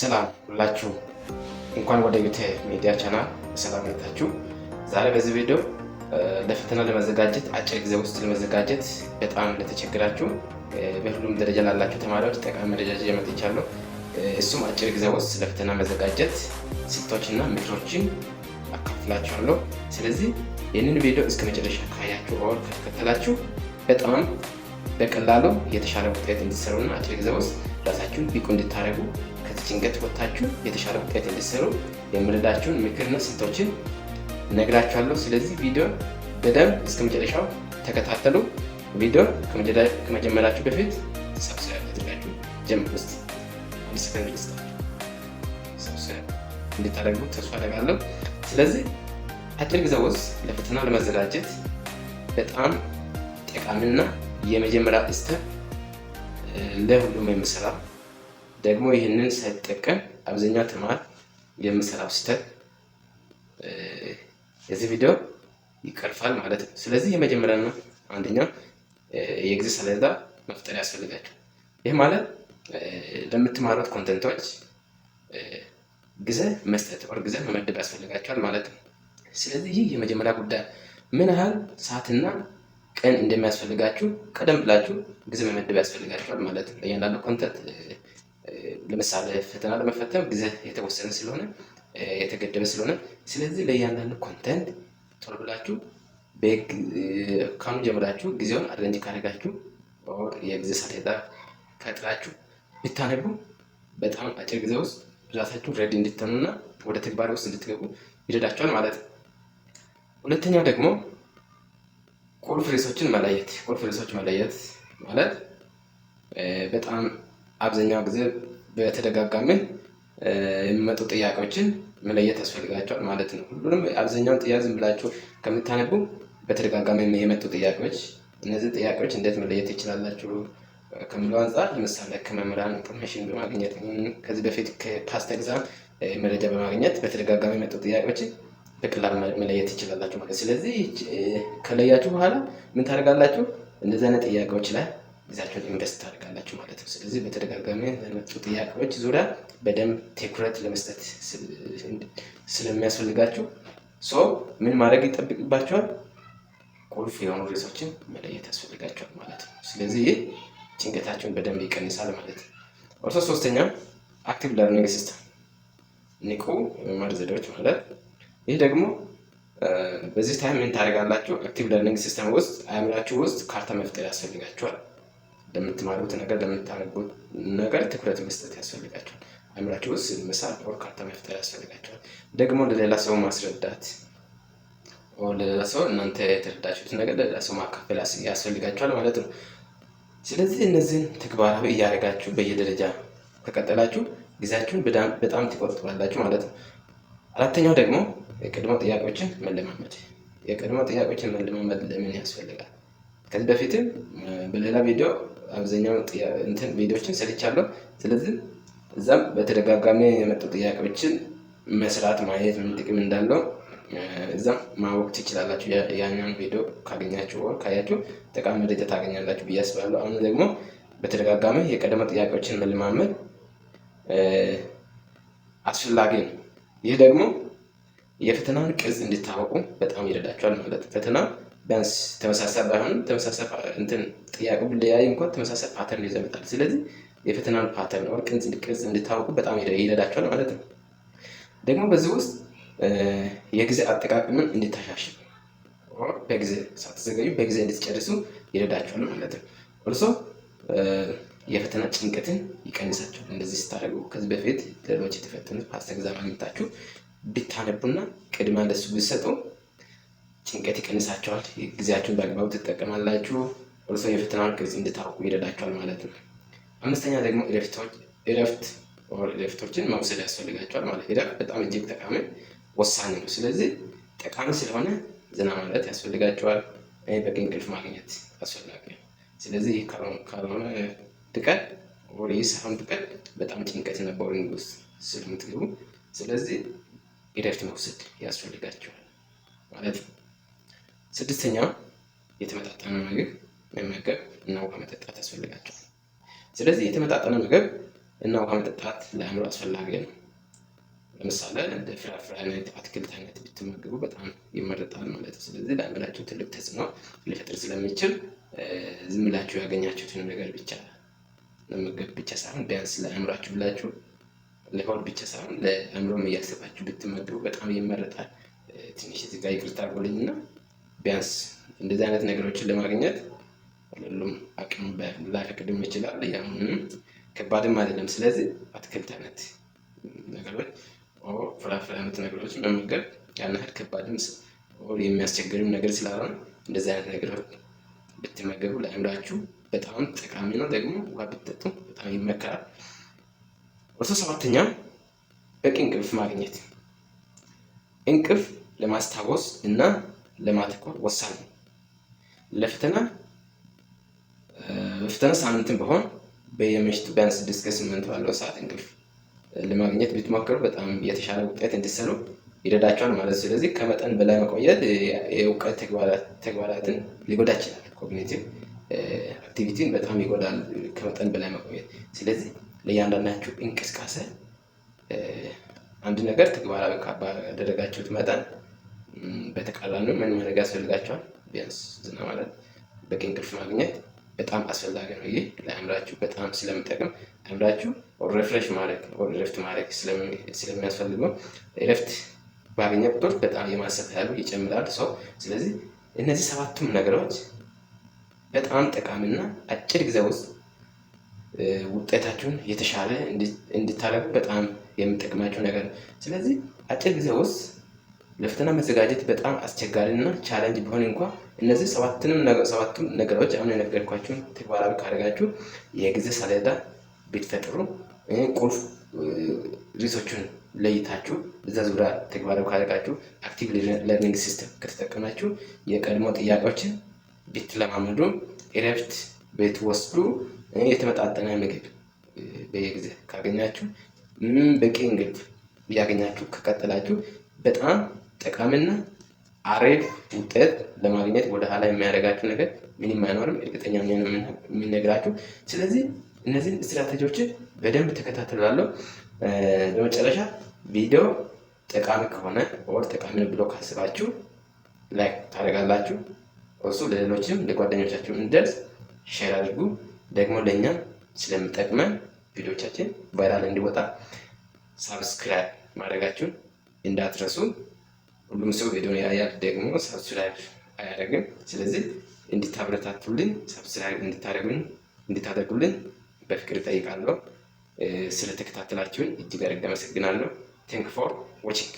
ሰላም ሁላችሁ፣ እንኳን ወደ ዩቴ ሚዲያ ቻናል ሰላም መጣችሁ። ዛሬ በዚህ ቪዲዮ ለፈተና ለመዘጋጀት አጭር ጊዜ ውስጥ ለመዘጋጀት በጣም ለተቸግራችሁ በሁሉም ደረጃ ላላችሁ ተማሪዎች ጠቃሚ መረጃ ይዤ መጥቻለሁ። እሱም አጭር ጊዜ ውስጥ ለፈተና መዘጋጀት ስልቶችና ምክሮችን አካፍላችኋለሁ። ስለዚህ ይህንን ቪዲዮ እስከ መጨረሻ ካያችሁ ኦር ከተከተላችሁ በጣም በቀላሉ የተሻለ ውጤት እንዲሰሩና አጭር ጊዜ ውስጥ ራሳችሁን ቢቁ እንድታደርጉ ጭንቀት ወጥታችሁ የተሻለ ውጤት እንዲሰሩ የምረዳችሁን ምክርና ስልቶችን ነግራችኋለሁ። ስለዚህ ቪዲዮ በደንብ እስከ መጨረሻው ተከታተሉ። ቪዲዮ ከመጀመራችሁ በፊት ሰብስክራይብ አድርጋችሁ ጀምር ውስጥ ዲስፕሊን ውስጥ ሰብስክራይብ እንድታደርጉ ተስፋ አደርጋለሁ። ስለዚህ አጭር ጊዜ ውስጥ ለፈተና ለመዘጋጀት በጣም ጠቃሚና የመጀመሪያ ስቴፕ ለሁሉም የምሰራ ደግሞ ይህንን ሳይጠቀም አብዛኛው ተማሪ የምሰራው ስህተት የዚህ ቪዲዮ ይቀርፋል ማለት ነው። ስለዚህ ነው አንደኛ የጊዜ ሰሌዳ መፍጠር ያስፈልጋቸው። ይህ ማለት ለምትማሩት ኮንተንቶች ጊዜ መስጠት ወር ጊዜ መመደብ ያስፈልጋቸዋል ማለት ነው። ስለዚህ ይህ የመጀመሪያ ጉዳይ ምን ያህል ሰዓትና ቀን እንደሚያስፈልጋችሁ ቀደም ብላችሁ ጊዜ መመደብ ያስፈልጋቸዋል ማለት ነው። እያንዳንዱ ኮንተንት ለምሳሌ ፈተና ለመፈተም ጊዜ የተወሰነ ስለሆነ የተገደበ ስለሆነ፣ ስለዚህ ለእያንዳንዱ ኮንተንት ቶሎ ብላችሁ ካኑ ጀምራችሁ ጊዜውን አድረንጅ ካደረጋችሁ የጊዜ ሰሌዳ ከጥላችሁ ብታነቡ በጣም አጭር ጊዜ ውስጥ ራሳችሁ ሬዲ እንድትሆኑና ወደ ተግባር ውስጥ እንድትገቡ ይረዳቸዋል ማለት ነው። ሁለተኛው ደግሞ ቁልፍ ርዕሶችን መለየት። ቁልፍ ርዕሶች መለየት ማለት በጣም አብዛኛው ጊዜ በተደጋጋሚ የሚመጡ ጥያቄዎችን መለየት ያስፈልጋቸዋል ማለት ነው። ሁሉንም አብዛኛውን ጥያቄ ዝም ብላችሁ ከምታነቡ በተደጋጋሚ የመጡ ጥያቄዎች እነዚህ ጥያቄዎች እንዴት መለየት ይችላላችሁ ከምለው አንጻር ለምሳሌ ከመምህራን ኢንፎርሜሽን በማግኘት ከዚህ በፊት ከፓስት ኤግዛም መረጃ በማግኘት በተደጋጋሚ የመጡ ጥያቄዎችን በቀላል መለየት ይችላላችሁ ማለት። ስለዚህ ከለያችሁ በኋላ ምን ታደርጋላችሁ? እንደዚህ አይነት ጥያቄዎች ላይ ጊዜያቸውን ኢንቨስት ታደርጋላችሁ ማለት ነው። ስለዚህ በተደጋጋሚ ለመጡ ጥያቄዎች ዙሪያ በደንብ ትኩረት ለመስጠት ስለሚያስፈልጋችሁ ሰው ምን ማድረግ ይጠብቅባቸዋል? ቁልፍ የሆኑ ርዕሶችን መለየት ያስፈልጋቸዋል ማለት ነው። ስለዚህ ይህ ጭንቀታቸውን በደንብ ይቀንሳል ማለት ነው። ኦርቶ ሶስተኛ አክቲቭ ለርኒንግ ሲስተም ንቁ የመማር ዘዴዎች ማለት ይህ ደግሞ በዚህ ታይም ምን ታደርጋላችሁ? አክቲቭ ለርኒንግ ሲስተም ውስጥ አእምራችሁ ውስጥ ካርታ መፍጠር ያስፈልጋችኋል። ለምትማሩት ነገር ለምታደርጉት ነገር ትኩረት መስጠት ያስፈልጋቸዋል። አእምራችሁ ውስጥ ምሳል ፖርካታ መፍጠር ያስፈልጋቸዋል። ደግሞ ለሌላ ሰው ማስረዳት፣ ለሌላ ሰው እናንተ የተረዳችሁት ነገር ለሌላ ሰው ማካፈል ያስፈልጋቸዋል ማለት ነው። ስለዚህ እነዚህን ተግባራዊ እያደረጋችሁ በየደረጃ ከቀጠላችሁ ጊዜያችሁን በጣም ትቆጥባላችሁ ማለት ነው። አራተኛው ደግሞ የቅድመ ጥያቄዎችን መለማመድ። የቅድመ ጥያቄዎችን መለማመድ ለምን ያስፈልጋል? ከዚህ በፊትም በሌላ ቪዲዮ አብዛኛው እንትን ቪዲዮችን ሰርቻለሁ። ስለዚህ እዛም በተደጋጋሚ የመጡ ጥያቄዎችን መስራት ማየት ምን ጥቅም እንዳለው እዛም ማወቅ ትችላላችሁ። ያኛውን ቪዲዮ ካገኛችሁ ወር ካያችሁ ጠቃሚ መረጃ ታገኛላችሁ ብዬ አስባለሁ። አሁን ደግሞ በተደጋጋሚ የቀደመ ጥያቄዎችን መልማመድ አስፈላጊ ነው። ይህ ደግሞ የፈተናን ቅርጽ እንድታወቁ በጣም ይረዳችኋል ማለት ፈተና ቢያንስ ተመሳሳይ ባይሆንም ተመሳሳይ እንትን ብለያይ እንኳን ተመሳሳይ ፓተርን ይዘው ስለዚህ የፈተናን ፓተርን ወርቅን ቅርጽ እንድታወቁ በጣም ይረዳቸዋል ማለት ነው። ደግሞ በዚህ ውስጥ የጊዜ አጠቃቀምን እንድታሻሽል በጊዜ ሳትዘገዩ በጊዜ እንድትጨርሱ ይረዳቸዋል ማለት ነው። እርሶ የፈተና ጭንቀትን ይቀንሳቸዋል። እንደዚህ ስታደርጉ ከዚህ በፊት ሌሎች የተፈተኑት ፓስት ኤግዛም አግኝታችሁ ብታነቡና ቅድሚያ ለሱ ብትሰጡ ጭንቀት ይቀንሳቸዋል። ጊዜያችሁን በአግባቡ ትጠቀማላችሁ። እርሶ የፈተና ቅርጽ እንድታውቁ ይረዳቸዋል ማለት ነው። አምስተኛ ደግሞ እረፍት እረፍቶችን መውሰድ ያስፈልጋቸዋል ማለት እረፍት በጣም እጅግ ጠቃሚ ወሳኝ ነው። ስለዚህ ጠቃሚ ስለሆነ ዝና ማለት ያስፈልጋቸዋል። በቂ እንቅልፍ ማግኘት አስፈላጊ ነው። ስለዚህ ካልሆነ ጥቀት ወር ይህ ሳይሆን ጥቀት በጣም ጭንቀት እና ቦሪንግ ውስጥ ስለምትገቡ ስለዚህ እረፍት መውሰድ ያስፈልጋቸዋል ማለት ነው። ስድስተኛ የተመጣጠነ ምግብ መመገብ እና ውሃ መጠጣት ያስፈልጋቸዋል። ስለዚህ የተመጣጠነ ምግብ እና ውሃ መጠጣት ለአእምሮ አስፈላጊ ነው። ለምሳሌ እንደ ፍራፍሬ አይነት፣ አትክልት አይነት ብትመገቡ በጣም ይመረጣል ማለት ነው። ስለዚህ ለአእምራችሁ ትልቅ ተጽዕኖ ሊፈጥር ስለሚችል ዝም ብላችሁ ያገኛችሁትን ነገር ብቻ መመገብ ብቻ ሳይሆን ቢያንስ ለአእምራችሁ ብላችሁ ለሆድ ብቻ ሳይሆን ለአእምሮም እያሰባችሁ ብትመገቡ በጣም ይመረጣል። ትንሽ እዚህ ይቅርታ አድርጉልኝና ቢያንስ እንደዚህ አይነት ነገሮችን ለማግኘት ሁሉም አቅም ላይፈቅድም ይችላል። ያ ከባድም አይደለም። ስለዚህ አትክልት አይነት ነገሮች ፍራፍሬ አይነት ነገሮች መመገብ ያን ያህል ከባድም የሚያስቸግርም ነገር ስላልሆነ እንደዚህ አይነት ነገሮች ብትመገቡ ለአእምራችሁ በጣም ጠቃሚ ነው። ደግሞ ውሃ ብትጠጡ በጣም ይመከራል። እርሶ ሰባተኛ በቂ እንቅልፍ ማግኘት እንቅልፍ ለማስታወስ እና ልማት ወሳኝ ነው። ለፈተና በፈተና ሳምንትን በሆን በየምሽቱ ቢያንስ ስድስት ከስምንት ባለው ሰዓት እንቅልፍ ለማግኘት ብትሞክሩ በጣም የተሻለ ውጤት እንዲሰሩ ይረዳቸዋል ማለት ነው። ስለዚህ ከመጠን በላይ መቆየት የእውቀት ተግባራትን ሊጎዳ ይችላል። ኮግኒቲቭ አክቲቪቲን በጣም ይጎዳል ከመጠን በላይ መቆየት። ስለዚህ ለእያንዳንዳችሁ እንቅስቃሴ አንድ ነገር ተግባራዊ ካደረጋችሁት መጠን በተቃራኒው ምን ማድረግ ያስፈልጋቸዋል? ቢያንስ ዝና ማለት በቂ እንቅልፍ ማግኘት በጣም አስፈላጊ ነው። ይህ ለአእምራችሁ በጣም ስለሚጠቅም አእምራችሁ ሬፍሬሽ ማድረግ ረፍት ማድረግ ስለሚያስፈልገው ረፍት ባገኘ ቁጥር በጣም የማሰብ ያሉ ይጨምራል ሰው። ስለዚህ እነዚህ ሰባቱም ነገሮች በጣም ጠቃሚና አጭር ጊዜ ውስጥ ውጤታችሁን የተሻለ እንድታደርጉ በጣም የምጠቅማቸው ነገር ነው። ስለዚህ አጭር ጊዜ ውስጥ ለፈተና መዘጋጀት በጣም አስቸጋሪ እና ቻለንጅ ቢሆን እንኳ እነዚህ ሰባቱም ነገሮች አሁን የነገርኳችሁን ተግባራዊ ካደረጋችሁ የጊዜ ሰሌዳ ብትፈጥሩ ቁልፍ ሪሶቹን ለይታችሁ እዛ ዙሪያ ተግባራዊ ካደረጋችሁ አክቲቭ ለርኒንግ ሲስተም ከተጠቀማችሁ የቀድሞ ጥያቄዎችን ብትለማመዱ፣ እረፍት ብትወስዱ፣ የተመጣጠነ ምግብ በየጊዜ ካገኛችሁ፣ በቂ እንቅልፍ እያገኛችሁ ከቀጠላችሁ በጣም ጠቃሚና አሪፍ ውጤት ለማግኘት ወደ ኋላ የሚያደርጋችሁ ነገር ምንም አይኖርም። እርግጠኛ የሚነግራችሁ። ስለዚህ እነዚህን ስትራቴጂዎችን በደንብ ተከታተላለሁ። በመጨረሻ ቪዲዮ ጠቃሚ ከሆነ ወር ጠቃሚ ነው ብሎ ካስባችሁ ላይክ ታደርጋላችሁ። እሱ ለሌሎችም ለጓደኞቻችሁ እንደርስ ሼር አድርጉ። ደግሞ ለእኛ ስለምጠቅመን ቪዲዮቻችን ቫይራል እንዲወጣ ሳብስክራይብ ማድረጋችሁን እንዳትረሱ። ሁሉም ሰው ቪዲዮን ያያል፣ ደግሞ ሰብስክራይብ አያደርግም። ስለዚህ እንድታበረታቱልን ሰብስክራይብ እንድታደርጉን እንድታደርጉልን በፍቅር ጠይቃለሁ። ስለተከታተላችሁን እጅግ አድርጌ አመሰግናለሁ። ቴንክ ፎር ዋቺንግ